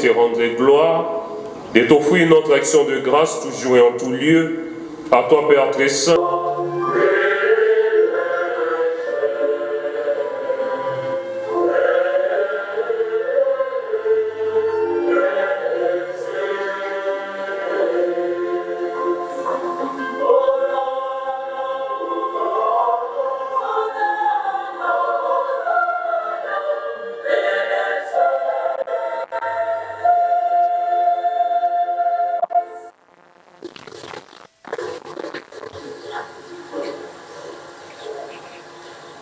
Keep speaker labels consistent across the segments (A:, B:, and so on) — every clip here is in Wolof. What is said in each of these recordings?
A: te rendrai gloire, de t'offrir notre action de grâce toujours et en tout lieu, à toi Père très saint.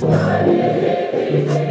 B: Christ.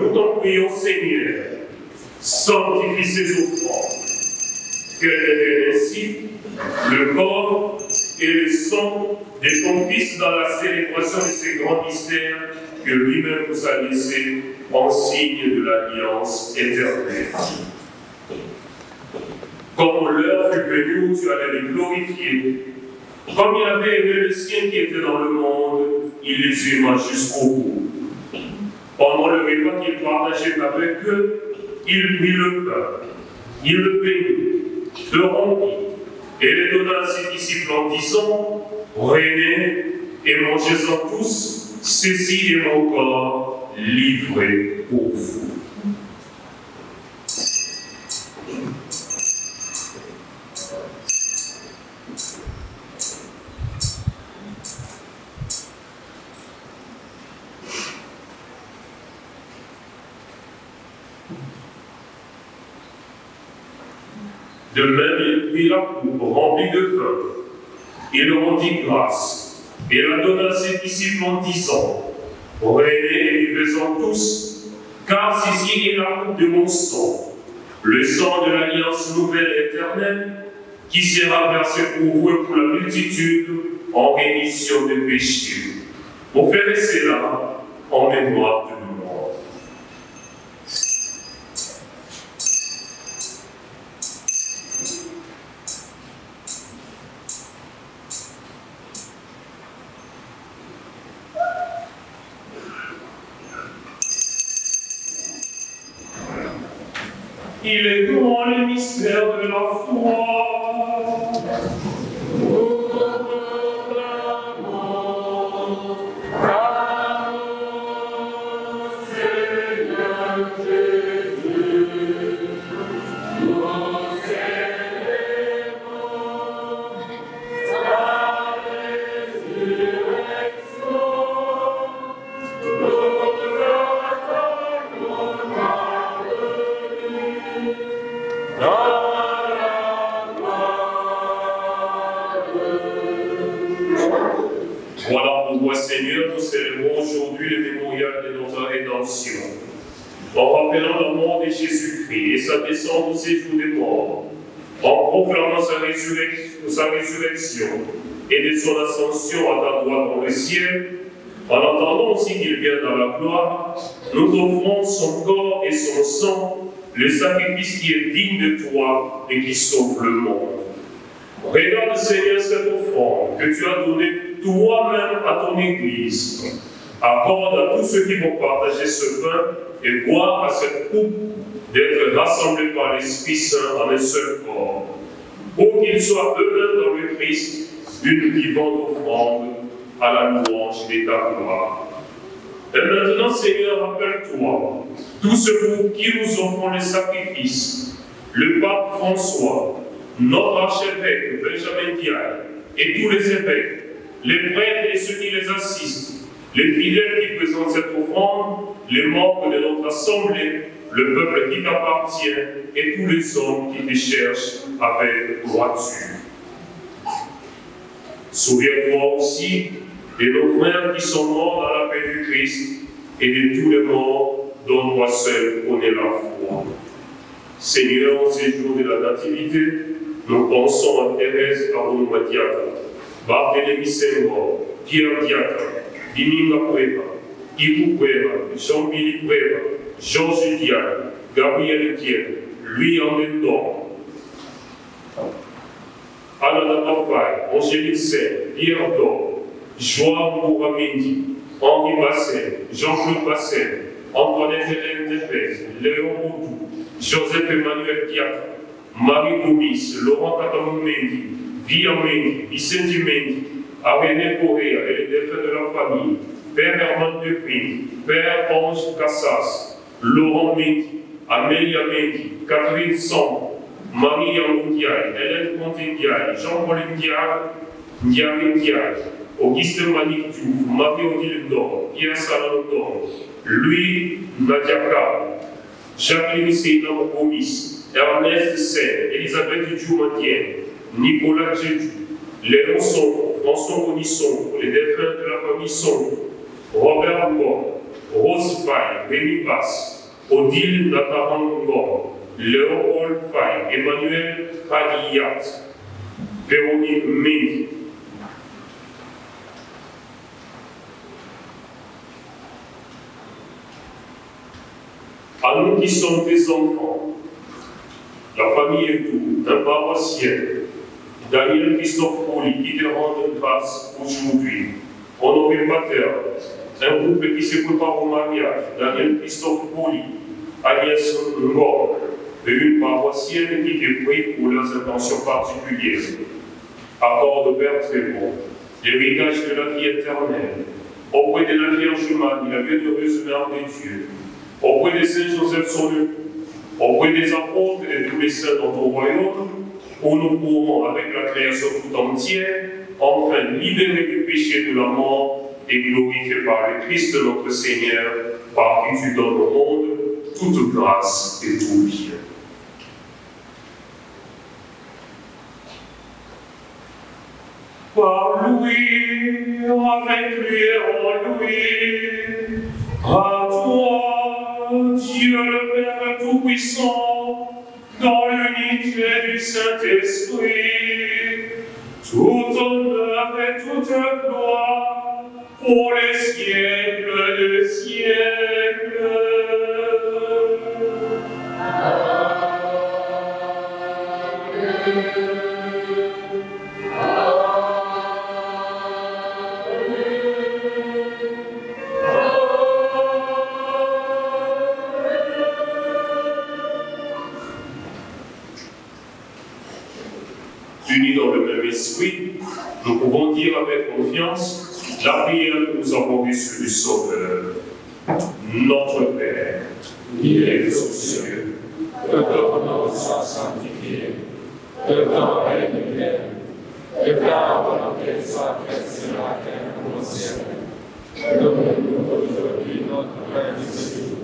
A: nous t'en prions, Seigneur, sanctifie ces offrandes, que devienne ainsi le corps et le sang de ton Fils dans la célébration de ces grands mystères que lui-même nous a laissés en signe de l'alliance éternelle. Comme l'heure fut venue où tu allais les glorifier, comme il avait aimé le sien qui était dans le monde, il les aima jusqu'au bout. Onları uymak irtihamlaşırlar ve que il n'y le peut, il le pays, feront et les donna à ceux qui s'y plantent, et mangez-en tous, ceci est mon livré pour vous. De même, il prit la coupe remplie de vin, et le rendit grâce, et la donna à ses disciples en disant, Prenez et buvez-en tous, car ceci est la coupe de mon sang, le sang de l'alliance nouvelle et éternelle, qui sera versé pour vous et pour la multitude en rémission des péchés. Vous ferez cela en mémoire de
B: sacrifice qui est
A: digne de toi et qui sauve le monde. Regarde, Seigneur, cette offrande que tu as donnée toi-même à ton Église. Accorde à tous ceux qui vont partager ce pain et boire à cette coupe d'être rassemblés par l'Esprit Saint en un seul corps, pour qu'ils soient eux dans le Christ d'une vivante offrande à la louange de ta Et maintenant, Seigneur, rappelle-toi tout ce qui nous offrons les sacrifices, le pape François, notre archevêque Benjamin Diaye, et tous les évêques, les prêtres et ceux qui les assistent, les fidèles qui présentent cette offrande,
C: les membres de notre assemblée,
A: le peuple qui t'appartient et tous les hommes qui te cherchent avec droiture. Souviens-toi aussi de nos frères qui sont morts dans la paix du Christ et de tous les morts dont toi seul connais la foi. Seigneur, en ces jours de la Nativité, nous pensons à Thérèse Arunwa Diacre, Barthélémy Senghor, Pierre Diacre, Diminga Cueva, Ibu Cueva, Jean-Billy Cueva, Georges Diacre, Gabriel Diacre, Louis Andendor, Anna Papaye, Angélique Saint, Pierre Dor, João Ouamindi, Henri Basset, Jean-Claude Basset, Antoinette Hélène Tepes, Léon Boudou, Joseph Emmanuel Diacre, Marie Gomis, Laurent Katanomendi, Guillaumendi, Vicente Mendi, Aréné Correa et les de leur famille, Père Herman Dupin, Père Ange Cassas, Laurent Mendi, Amélia Mendi, Catherine Sombre, Marie Yango Hélène Conté Jean-Paul Ndiaye, ogiste Malick Diouf Mario Diouf Pierre Salano Ndong Louis Madiaka Jacqueline Seyna
B: Gomis Ernest Sen Elisabeth Dioumantien Nicolas Djedou Léon
A: Sonko François Boni Sonko les défunts de la famille Sonko Robert Ngor Rose Faye Rémi Basse Odile Nataran Ngor Léopold Faye Emmanuel Kadiyat Véronique Mendy à nous la famille et tout, d'un papa Daniel Christophe Poli, qui te rendent grâce aujourd'hui, au nom un couple qui se prépare au mariage, Daniel Christophe Poli, Agnès Ngor, et une paroissienne qui te prie pour leurs intentions particulières. Accorde, Père très bon, l'héritage de la vie éternelle, auprès de la Vierge Marie, la bienheureuse Mère de Dieu, Reconnaissez Joseph son lieu. Reconnaissez apôtres et tous les saints dans ton royaume, où nous courons avec la création tout entière, enfin libérés du péché de la mort et glorifiés par le Christ notre Seigneur, par qui tu donnes au monde
B: toute grâce et tout bien.
A: Par lui, avec lui et en lui. Dieu le Père Tout-Puissant, dans l'unité du Saint-Esprit, tout honneur et toute gloire pour les siècles des
B: siècles.
A: l'Esprit, nous pouvons dire avec confiance la prière que nous avons reçue du
B: Sauveur. Notre Père, qui es aux cieux, que ton nom soit sanctifié, que ton règne vienne, que ta volonté soit faite sur la terre comme au ciel. Donne-nous aujourd'hui notre pain de ce jour.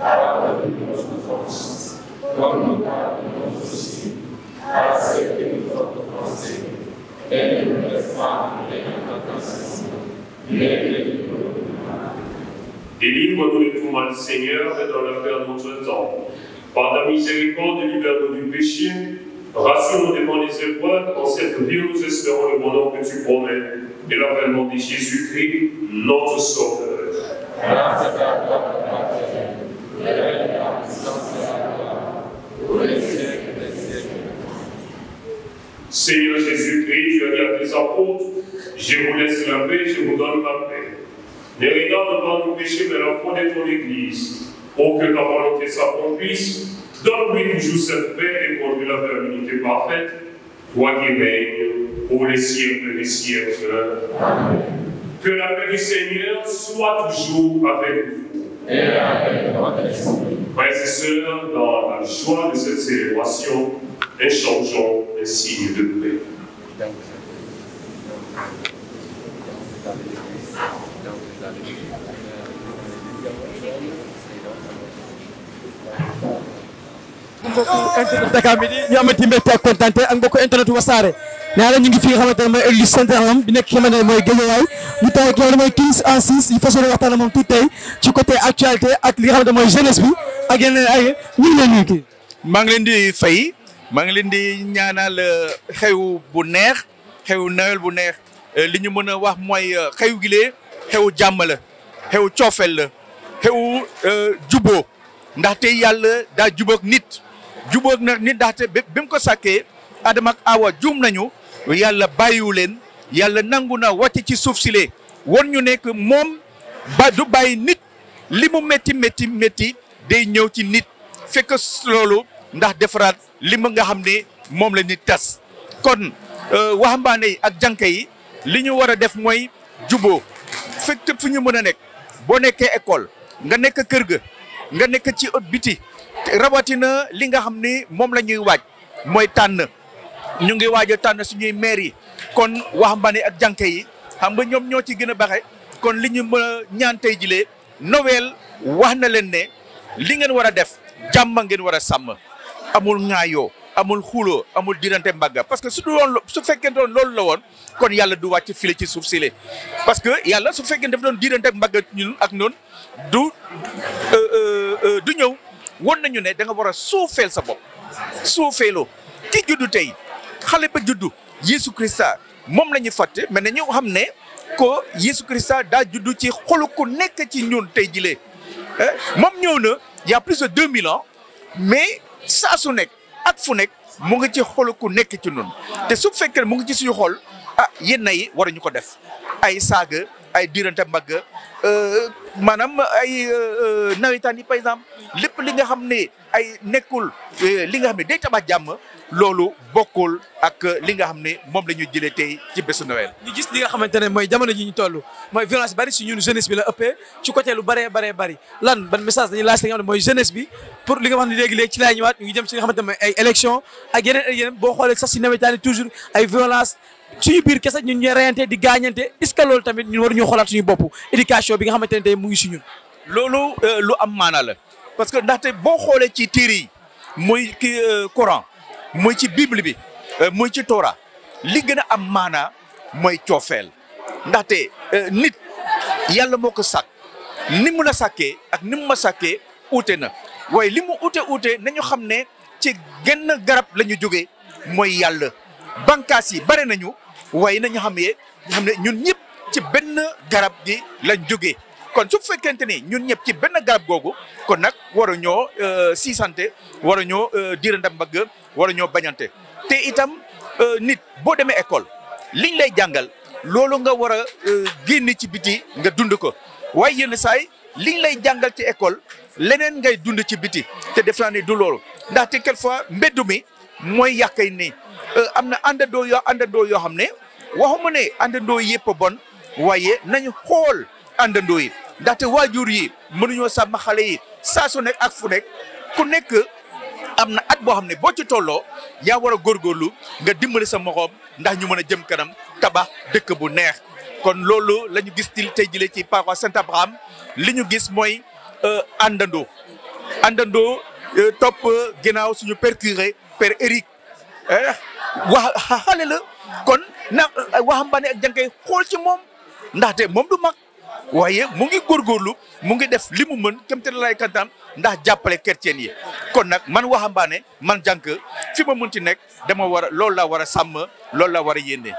B: Pardonne-nous nos offenses, comme nous pardonnons aussi à ceux qui nous ont offensés Ele nos salve da nossa Dieu.
A: Délivre-nous de tout mal, Seigneur, et dans la peur de notre temps. Par la miséricorde, libère-nous du péché. Rassure-nous devant les épreuves. En cette vie, nous espérons le bonheur que tu promets et l'avènement de Jésus-Christ, notre Sauveur. Grâce à toi, Père, Seigneur Jésus-Christ, tu as dit à tes apôtres, je vous laisse la paix, je vous donne la paix. Ne regarde pas nos péchés, mais la foi de ton Église. Oh, que ta volonté s'accomplisse. Donne-lui toujours cette paix et
B: conduis-la vers l'unité parfaite. Toi qui règnes pour les siècles des siècles. Amen. Que la paix du Seigneur
A: soit toujours avec vous.
B: Et avec votre esprit. Frères et sœurs, dans la joie de cette
A: célébration, échangeons signe de paix.
B: mbokku internet
D: Dakar Midi ñu amati mbégte ak kontaan ak mooy élu central am bi nekk mooy Guédiawaye ñu taw ak loolu mooy 15 en 6 il faut que waxtaan moom tout tey ci
E: côté actualité ak li nga ne mooy jeunesse bi ak yeneen ay ñu leen di fay. maa ngi leen di ñaanal euh, xew bu neex xew Noël bu neex euh, li ñu mën a wax mooy euh, xew gi xew jàmm la xew coofel la xew juboo ndaxte yàlla daa jubóog nit jubóog nag nit ndaxte bi mu ko sàkkee Adama Awa juum nañu yàlla bàyyiwu leen yàlla nangu na wàcc ci suuf sile lee won ñu nekk moom ba du bàyyi nit li mu métti métti day ñëw ci nit fekk loolu ndax defaraat li nga xam ne moom la ñuy tas kon euh, waxambaane yi ak jànke yi li ñu war a def mooy juboo fekk fu ñu mën a nekk boo nekkee école nga nekk kër ga nga nekk ci ëpp biti rawatina li nga xam ni moom la ñuy waaj mooy tànn ñu ngi waaj a tànn suñuy maire yi kon waxambaane ak jànke yi xam nga ñoom ñoo ci gën a baxe kon li ñu mën a ñaan tey jilee Noël wax na leen ne li ngeen war a def jàmm ngeen war a sàmm amul ŋaayoo amul xuloo amul dirante mbagga parce que su dul woon su fekkentoon loolu la woon kon yàlla du wàcc file ci suuf sile parce que yàlla su fekkee daf doon dirante ak mbagga nun ak noonu du euh, euh, euh, du ñëw won nañu ne da nga war a suufeel sa bopp suufeeloo ki juddu tey xale ba juddu Yesu Christa moom la ñu fàtte na nañu xam ne ko Yesu Christa daa juddu ci xolu nekk ci ñun tey jilee eh, moom ñëw na il y a plus de 2000 ans mais saa su nekk ak fu nekk mu ngi ci xolu ku nekk ci nun te su fekkee mu ngi ci suñu xol ah yenn yi waruñu ko def ay saaga ay diirante mbagg euh, maanaam ay euh, nawetaan yi par exemple lépp li nga xam ne ay nekkul euh, li nga xam ne day tabax jàmm loolu bokkul ak li nga xam ne moom la ñu jëlee tey ci bésu Noël. ñu gis li nga xamante ne mooy jamono ji ñu toll mooy violence bari si ñun jeunesse bi la ëppee ci côté lu bëree bëree
D: bëri lan ban message dañuy laaj nga xam mooy jeunesse bi pour li nga wax ne léegi-léegi ci laay ñëwaat ñu ngi jëm ci li nga xamante boo xoolee sax si nawetaani toujours ay violence suñu biir kese ñun ñooy
E: reyante di gaañante est-ce que loolu tamit ñu war ñu xoolaat suñu bopp éducation bi nga xamante ne tey mu ngi si ñun. loolu euh, lu am maanaa la parce que ndaxte boo xoolee ci téere yi muy euh, Coran mooy ci bible bi euh, mooy ci Torah li gën a am maanaa mooy coofeel ndaxte euh, nit yàlla moo ko sàkk ni mu la sakkee ak ni mu ma sàkkee uute na waaye li mu uute uute nañu xam ne ci genn garab lañu jóge mooy yàlla bànqaas yi bare nañu waaye nañu xam ne ñu xam ne ñun ñëpp ci benn garab gi lañ jóge kon su fekkente ni ñun ñëpp ci benn garab googu kon nag waruñoo euh, siisante waruñoo euh, diirante mbagg ñoo bañante te itam euh, nit boo demee école liñ lay jàngal loolu nga war a génn ci biti nga dund ko waaye yenn saay liñ lay jàngal ci école leneen ngay dund ci biti te def naa ni du loolu ndaxte quelquefois mbeddu mi mooy yàqay nii am na àndandoo yoo àndandoo yoo xam ne waxuma ne àndandoo yëpp bon waaye nañu xool àndandoo yi ndaxte waajur yi mënuñoo sàmm xale yi saa su nekk ak fu nekk ku nekk am na at boo xam ne boo ci tolloo yaa war a góorgóorlu nga dimbali sa moxoom ndax ñu mën a jëm kanam tabax dëkk bu neex kon loolu lañu gis til tey jëlee ci paroisse Saint Abraham li ñu gis mooy euh, àndandoo àndandoo euh, top ginnaaw suñu percuré père Éric eh, wax xale la kon na euh, waxambaane ak jànkay xool ci moom ndaxte moom du mag waaye mu ngi góorgóorlu mu ngi def li mu mën kémte lay kantaam ndax jàppale chrétien yi kon nag man waxambaane man jànk fi ma mënti nekk dama war a loolu la war a sàmm loolu la war a yéene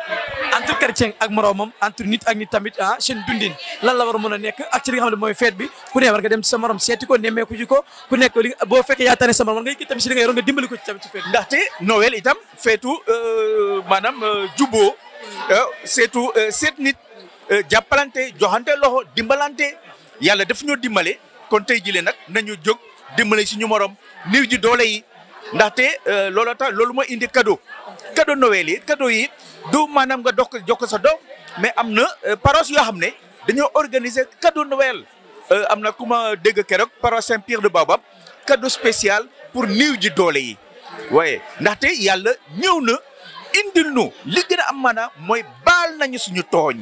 E: entre chrétien
D: ak moroomam entre nit ak nit tamit ah seen dundin lan la war mën a nekk ak ci li mooy feet bi ku ne war nga dem ci sa seeti ko nemmeeku ji ko ku nekk li boo fekkee yaa tane sa morom war nga yëg tamit si li te yoroon nga dimbali ko
E: feet itam feetu euh, maanaam euh, juboo euh, seetu seet nit Euh, jàppalante joxante loxo dimbalante yàlla daf ñoo dimbale kon tey jile nag nañu jog dimbale suñu morom niw ji doole yi ndaxte euh, looloo tax loolu ma indi cadeau cadeau Noël yi cadeau yi du maanaam nga dox jokk sa doom mais am na euh, paroisse yoo xam ne dañoo organiser cadeau Noël am na ku ma dégg keroog paroisse Saint-Pierre de Baobab cadeau spécial pour niw ji doole yi waaye ndaxte yàlla ñëw na indil nu li gën am maanaam mooy baal nañu suñu tooñ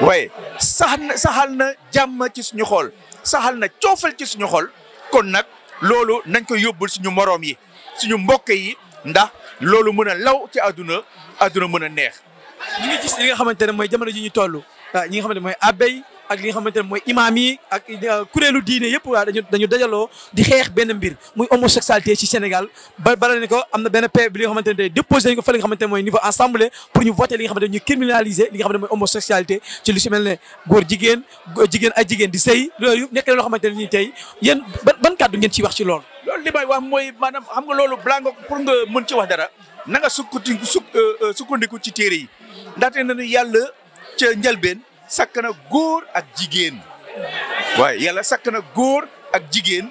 E: waaye sax na saxal na jàmm ci suñu xool saxal na coofal ci suñu xool kon nag loolu nañ ko yóbbul suñu moroom yi suñu mbokk yi ndax loolu mën a law ci àdduna àdduna mën a neex. ñu nga xamante ne mooy jamono ji ñu toll ah, ñi nga xamante ne mooy abeille ak li nga xamante ne mooy imaam yi ak euh, kuréelu
D: diine yëpp waa dañu dañu dajaloo di xeex benn mbir muy homosexualité ci Sénégal ba bala ne ko am na benn paix bi li nga xamante ne déposé nañ ko fa li nga xamante ne mooy niveau assemblée pour ñu voter li nga ñu criminaliser li nga mooy homosexualité ci lu si mel ne góor jigéen jigéen ak jigéen di sëy loolu nekk na loo xamante
E: ne ñuy tey yéen ban du ngeen ciy wax ci lool loolu li may wax mooy maanaam xam nga loolu balaa nga pour nga mën ci wax dara na nga sukkandiku euh, euh, sukkandiku ci téere yi ndaxte nañu yàlla ca njëlbeen sakk na góor ak jigéen waaye yàlla sakk na góor ak jigéen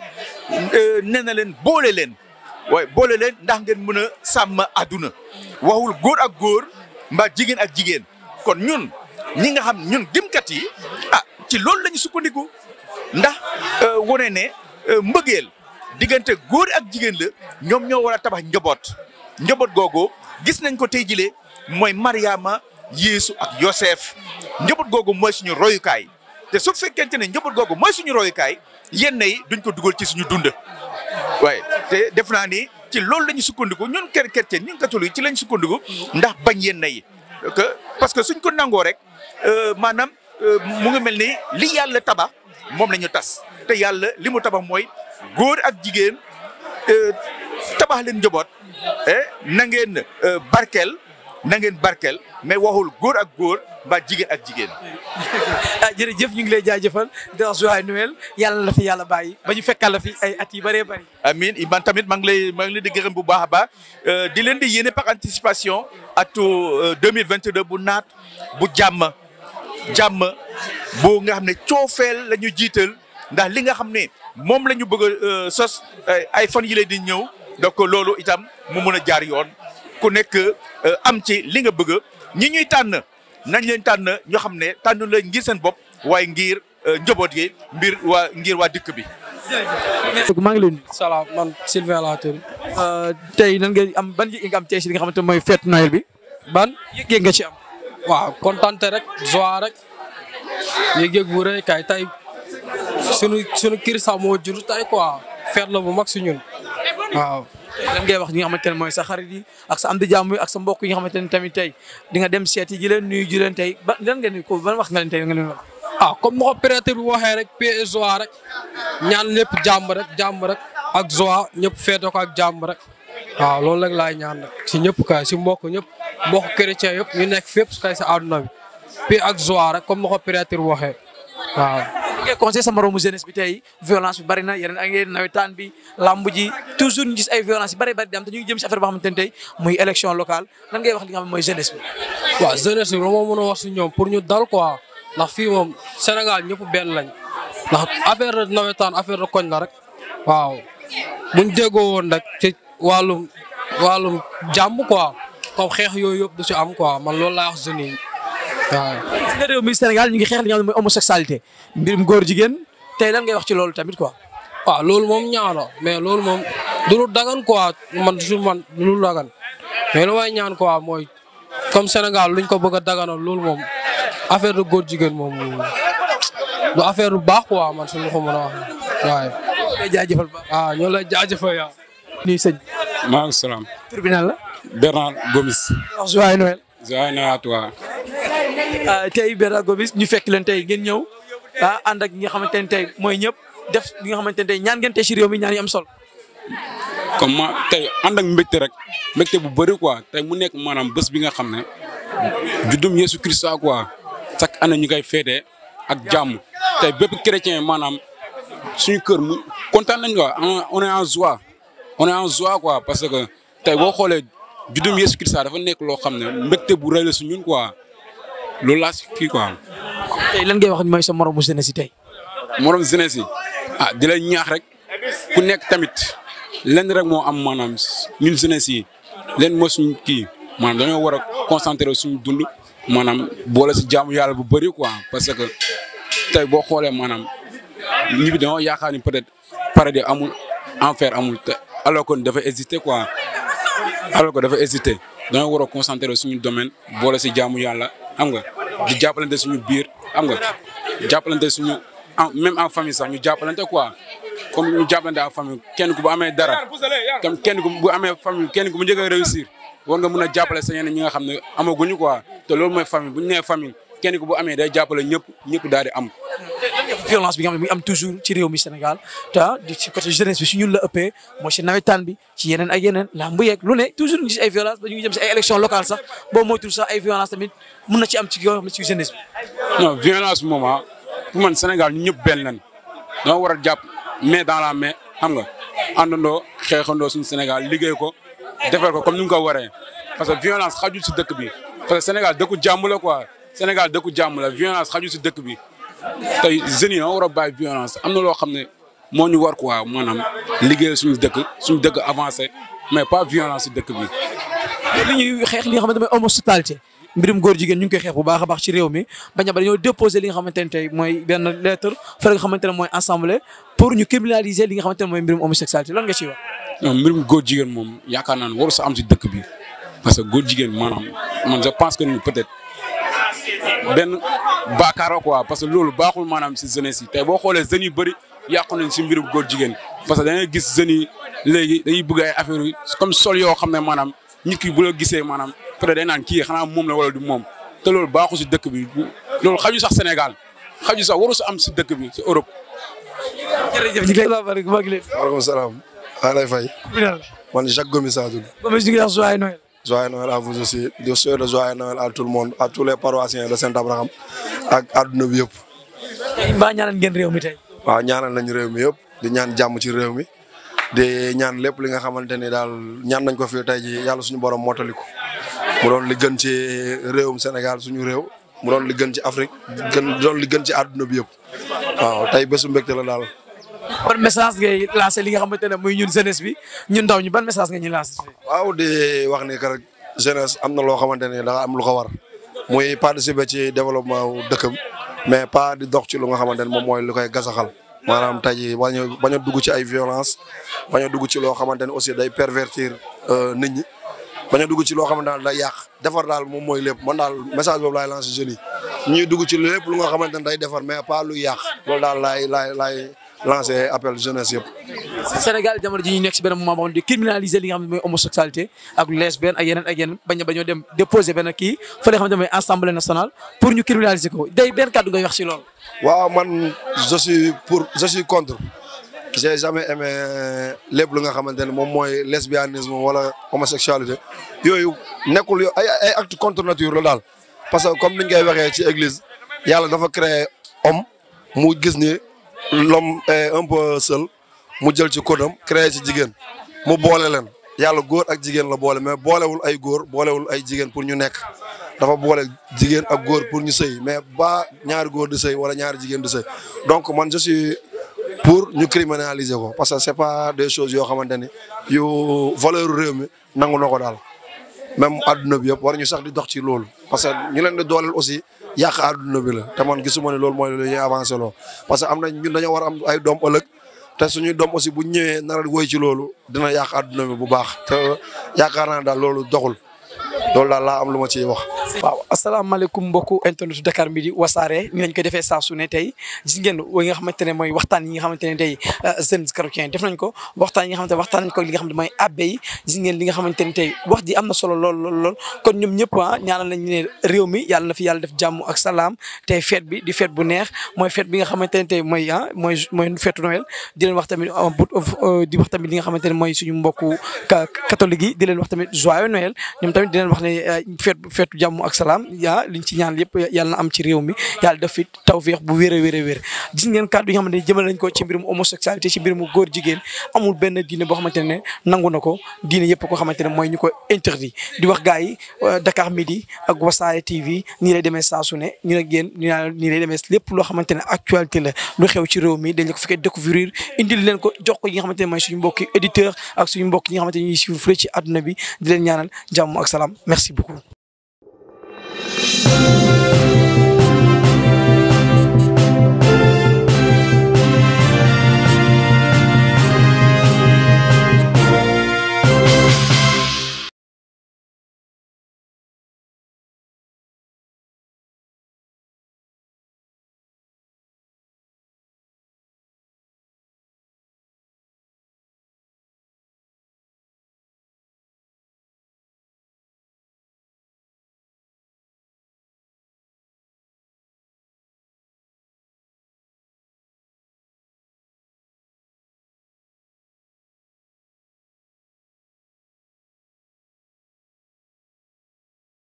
E: euh, nee na leen boole leen waaye boole leen ndax ngeen mën a sàmm àdduna waxul góor ak góor mba jigéen ak jigéen kon ñun ñi nga xam ñun gëmkat yi a ah, ci loolu lañu sukkandiku ndax euh, wone ne euh, mbëggeel diggante góor ak jigéen la ñoom ñoo war a tabax njaboot njaboot googu gis nañ ko tey jile mooy Mariama yéesu ak Yosef njaboot googu mooy suñu royukaay te su fekkente ne njaboot googu mooy suñu royukaay yenn yi duñ ko dugal ci suñu dund. waaye te def naa ni ci loolu la ñu sukkandiku ñun kër chrétien ñun catholique ci lañ sukkandiku ndax bañ yenn yi que parce que suñ ko nangoo rek euh, maanaam euh, mu ngi mel ni li yàlla tabax moom la tas te yàlla li mu tabax mooy góor ak jigéen euh, tabax leen njaboot eh, na ngeen barkel na ngeen barkeel mais waxul góor ak góor mbaa jigéen ak jigéen. ah jërëjëf ñu ngi lay jaajëfal di la joyeux Noël yàlla la fi yàlla bàyyi ba ñu fekkal la fi ay at yu bëree bëri. amiin man tamit maa ngi lay maa ngi leen di gërëm bu baax a baax euh, di leen di yéene par anticipation euh, vingt 2022 bu naat bu jàmm jàmm bu nga xam ne coofeel la ñu jiital ndax li nga xam ne moom la ñu bëgg a euh, sos ay fan yi lay di ñëw donc loolu itam mu mun a jaar yoon. ku nekk euh, am ci li nga bëgg ñi ñuy tànn nañ leen tànn ñoo xam ne tànn leen ngir seen bopp waaye ngir euh, njaboot gi mbir waa ngir waa dëkk bi.
F: maa ngi leen salaam man Sylvain a tudd euh, tey nan nga am ban yëg nga am tey si li nga xamante mooy fête Noël bi ban yëg nga ci am. waaw kontaan rek joie rek yëg-yëg bu rëy kay tey sunu sunu kir sax moo jur tey quoi fête la bu mag si ñun waaw. lan ngay wax ñi nga xamante
D: ne mooy sa xarit yi ak sa am di jàmm ak sa mbokk yi nga xamante ne tamit tey di nga dem seet ji leen nuyu ji leen tey
F: ba lan ngeen ko ban wax nga leen tey nga leen wax ah comme ma ko prêtre bi waxee rek paix et joie rek ñaan lépp jàmm rek jàmm rek ak joie ñëpp feete ko ak jàmm rek waaw ah, loolu rek laay ñaan si ñëpp kay si mbokk ñëpp mbokk chrétien yëpp ñu nekk fépp kay sa àdduna bi paix ak joie rek comme ma ko prêtre waxee waaw ngay conseil sa moromu jeunesse bi tey
D: violence bi bari na yeneen ak yeneen nawetaan bi lamb ji toujours ñu ay violence yi bari bari di am te ñu jëm si
F: affaire boo xamante ne tey muy élection locale lan ngay wax li nga xam mooy jeunesse bi. waaw jeunesse bi moom moo mën a wax si ñoom pour ñu dal quoi ndax fii moom Sénégal ñëpp benn lañ ndax affaire nawetaan affaire de koñ la rek waaw buñ déggoo woon rek ci wàllum wàllum jàmm quoi comme xeex yooyu yëpp du si am quoi man loolu laa wax jeunes waaw si nga réew mi Sénégal ñu ngi xeex li nga xam ne mooy homosexualité mbirum góor jigéen tey lan ngay wax ci loolu tamit quoi. waaw loolu moom ñaaro mais loolu moom du lu dagan quoi man toujours man du lu dagan mais lu may ñaan quoi mooy comme Sénégal luñ ko bëgg a daganal loolu moom affaire de góor jigéen moom du affaire bu baax quoi man suñu ko mën a wax waaye. ñoo jaajëfal ba waaw ah, ñoo lay jaajëfal yaa. nuyu sëñ bi. maaleykum salaam. tribunal la.
G: Bernard Gomis. wax joyeux Noël. joyeux Noël à toi.
D: Euh, tey Beerago bis ñu fekk leen tey ngeen ñëw ah ànd ak ñi nga xamante ne tey mooy ñëpp
G: def li nga xamante ne tey ñaan ngeen tey si réew mi ñaan yu am solo. comme ma tey ànd ak mbégte rek mbégte bu bëri quoi tey mu nekk maanaam bés bi nga xam ne juddum Yeesu Krista quoi chaque année ñu koy féetee ak jàmm tey bépp chrétien maanaam suñu kër mu kontaan nañ quoi on est en joie on joie quoi parce que tey boo xoolee juddum Yeesu Krista dafa nekk loo xam ne mbégte bu rëy la su ñun quoi. loolu laa kii quoi.
D: tey lan ngay wax mooy sa moromu jeunesse yi tey.
G: moromu jeunesse yi ah di ñaax rek ku nekk tamit lenn rek moo am maanaam ñun jeunesse yi lenn moo suñ kii maanaam dañoo war a concentrer suñu dund maanaam boole si jaamu yàlla bu bëri quoi parce que tey boo xoolee maanaam ñi bi yaakaar ni peut-être paradis amul enfer amul te alors dafa hésiter quoi alors que dafa hésiter dañoo war a concentrer suñu domaine boole si jaamu yàlla. xam nga di jàppalante suñu biir xam nga jàppalante suñu même en famille sax ñu jàppalante quoi comme ñu jàppalante en famille kenn ku bu amee dara tam kenn ku bu amee famille kenn ku mu njëkk réussir war nga mun a jàppale sa ñeneen ñi nga xam ne amaguñu quoi te mooy famille bu ñu nee famille kenn ku bu amee day jàppale ñëpp ñëpp daal di am.
D: violence bi nga xam am toujours ci réew mi Sénégal te di ci côté jeunesse bi su ñun la ëppee mooy si nawetaan bi ci yeneen ak yeneen làmb yeeg lu ne toujours ñu gis ay violence ba ñu ngi jëm si ay élection locale sax boo moytul sax ay violence tamit mën na ci am ci yoo xam ne
G: ci jeunesse bi. non violence moom ah man Sénégal ñu ñëpp benn lañ dama war a jàpp mais dans la mais xam nga àndandoo xeexandoo suñu Sénégal liggéey ko defal ko comme ni nga ko waree parce que violence xajul si dëkk bi parce que Sénégal dëkku jàmm la quoi Sénégal dëkku jàmm la violence si dëkk bi tey jeunes yi war a bàyyi violence am na loo xam ne moo ñu war ko quoi maanaam liggéey suñu dëkk suñu dëkk avancé mais pas violence si dëkk bi.
D: li ñuy xeex li nga xamante ñu ngi koy xeex bu baax a baax ci rew mi bañ a ba dañoo déposé li nga xamante ne tey mooy benn lettre fa nga xamante ne mooy assemblée pour ñu criminaliser li nga xamante ne mooy mbirum homosexualité lan nga ciy wax.
G: non mbirum góor jigéen moom yaakaar naa ne waru am si dëkk bi parce que góor jigéen maanaam man je pense que peut-être. benn baakaar quoi parce que loolu baaxul maanaam si jeunesse yi tey boo xoolee jeunes yu bëri yàqu nañ si mbirum góor jigéen parce que da gis jeunes yi léegi dañuy bëgg ay comme sol yoo xam ne maanaam nit ki bu la gisee maanaam peut-être day naan kii xanaa moom la wala du moom te loolu baaxul si dëkk bi loolu xaju sax senegal xaju sax waru sa am si dëkk bi si Europe.
C: jërëjëf di leen salaamaaleykum maa ngi lay fay. man Jacques Gomis Sadou. Gomis ñu ngi wax su waay joyeux Noël à vous aussi di souhaiter le joyeux a à tout le monde à tous les paroissiens de Saint-Abraham ak àdduna bi yëpp. mbaa ñaanal ngeen réew mi tey. waaw ñaanal nañ réew mi yëpp di ñaan jàmm ci réew mi di ñaan lépp li nga xamante ni daal ñaan nañ ko fi tey ji yàlla suñu borom mottali ko mu doon li gën ci réewum Sénégal suñu réew mu doon li gën ci Afrique gën doon li gën ci àdduna bi yëpp waaw tey bésu mbégte la daal. ban
D: message ngay lancé li nga xamante ne muy ñun jeunesse bi ñun ndaw ñi ban message nga ñuy lancé.
C: waaw di wax ni que jeunesse am na loo xamante ne daa am lu ko war muy participer ci développement wu dëkkam mais pas di dox ci lu nga xamante ne moom mooy lu koy gasaxal. maanaam tey jii bañ a bañ a dugg ci ay violence bañ a dugg ci loo xamante ne aussi day pervertir euh, nit ñi bañ a dugg ci loo xamante ne day yàq defar daal moom mooy lépp man daal message boobu laay lancer jeunes yi ñuy dugg ci lépp lu nga xamante ne day defar mais pas lu yàq loolu daal laay laay laay. lancé appel jeunesse yëpp.
D: Sénégal jamono ji ñu nekk si benn moment boo xam ne criminaliser li nga xam ne mooy homosexualité ak lesbienne ak yeneen ak yeneen bañ a bañoo dem déposer benn kii fa nga xam ne mooy assemblée nationale pour
C: ñu criminaliser ko day benn kàddu ngay wax si loolu. waaw man je pour je contre. j'ai jamais aimé lépp nga xamante moom mooy lesbianisme wala homosexualité yooyu nekkul yo ay ay acte contre nature la daal parce que comme ni ñu koy waxee ci église yàlla dafa lom est un peu mu jël ci kodam créé ci jigéen mu boole leen yàlla góor ak jigéen la boole mais boolewul ay góor boolewul ay jigéen pour ñu nekk dafa boole jigéen ak góor pour ñu sëy mais ba ñaari góor di sëy wala ñaari jigéen di sëy donc man je suis pour ñu criminaliser ko parce que c'est pas des choses yoo xamante ni yu valeur réew mi nangu na ko daal même adduna bi yëpp war ñu sax di dox ci loolu parce ñu leen di dooleel aussi yàq adduna bi la te man gisuma ne loolu mooy lu ñuy avancé loo parce que am na ñun dañoo war a ay doom ëllëg te suñuy doom aussi bu ñëwee nara a woy ci loolu dina yàq adduna bi bu baax te yaakaar naa daal loolu doxul loolu daal laa am lu ma ciy wax. waaw asalaamaaleykum mbokku
D: internet Dakar Midi wasaare ñu lañ ko defee saa su ne tey gis ngeen nga xamante ne mooy waxtaan yi nga xamante ne tey euh, jeunes Caroutiens def nañ ko waxtaan yi nga ne waxtaan nañ ko li nga xamante mooy abbé yi gis ngeen nga xamante ne tey wax ji am na solo lool lool lool kon ñoom ñëpp ah ñaanal nañ ne réew mi yàlla na fi yàlla def jàmm ak salaam te feet bi di feet bu neex mooy feet bi nga xamante ne tey mooy ah mooy mooy fête Noël di leen wax tamit euh, euh, di wax tamit li nga xamante ne mooy suñu mbokku catholique yi di leen wax tamit joyeux Noël ñoom tamit di leen wax ne fête fête jàmm jàmm ak salaam ah liñ ci ñaan yëpp yàlla na am ci réew mi yàlla def fi tawféex bu weere weere wér a wér gis ngeen kàddu yi nga xamante ne jëmal nañ ko ci mbirum homosexualité ci mbirum góor jigéen amul benn diine boo xamante ne nangu na ko diine yëpp ko xamante ne mooy ñu ko interdit di wax gars yi euh, Dakar Midi ak Wassare TV nii lay demee saa su ne ñu ne géen ñu naa demee lépp loo xamante ne actualité la lu xew ci réew mi dañ la ko fekkee indil leen ko jox ko yi nga xamante mooy suñu mbokki éditeur ak suñu mbokk yi nga xamante ne ñuy àdduna bi di leen ñaanal jàmm ak salaam merci beaucoup Música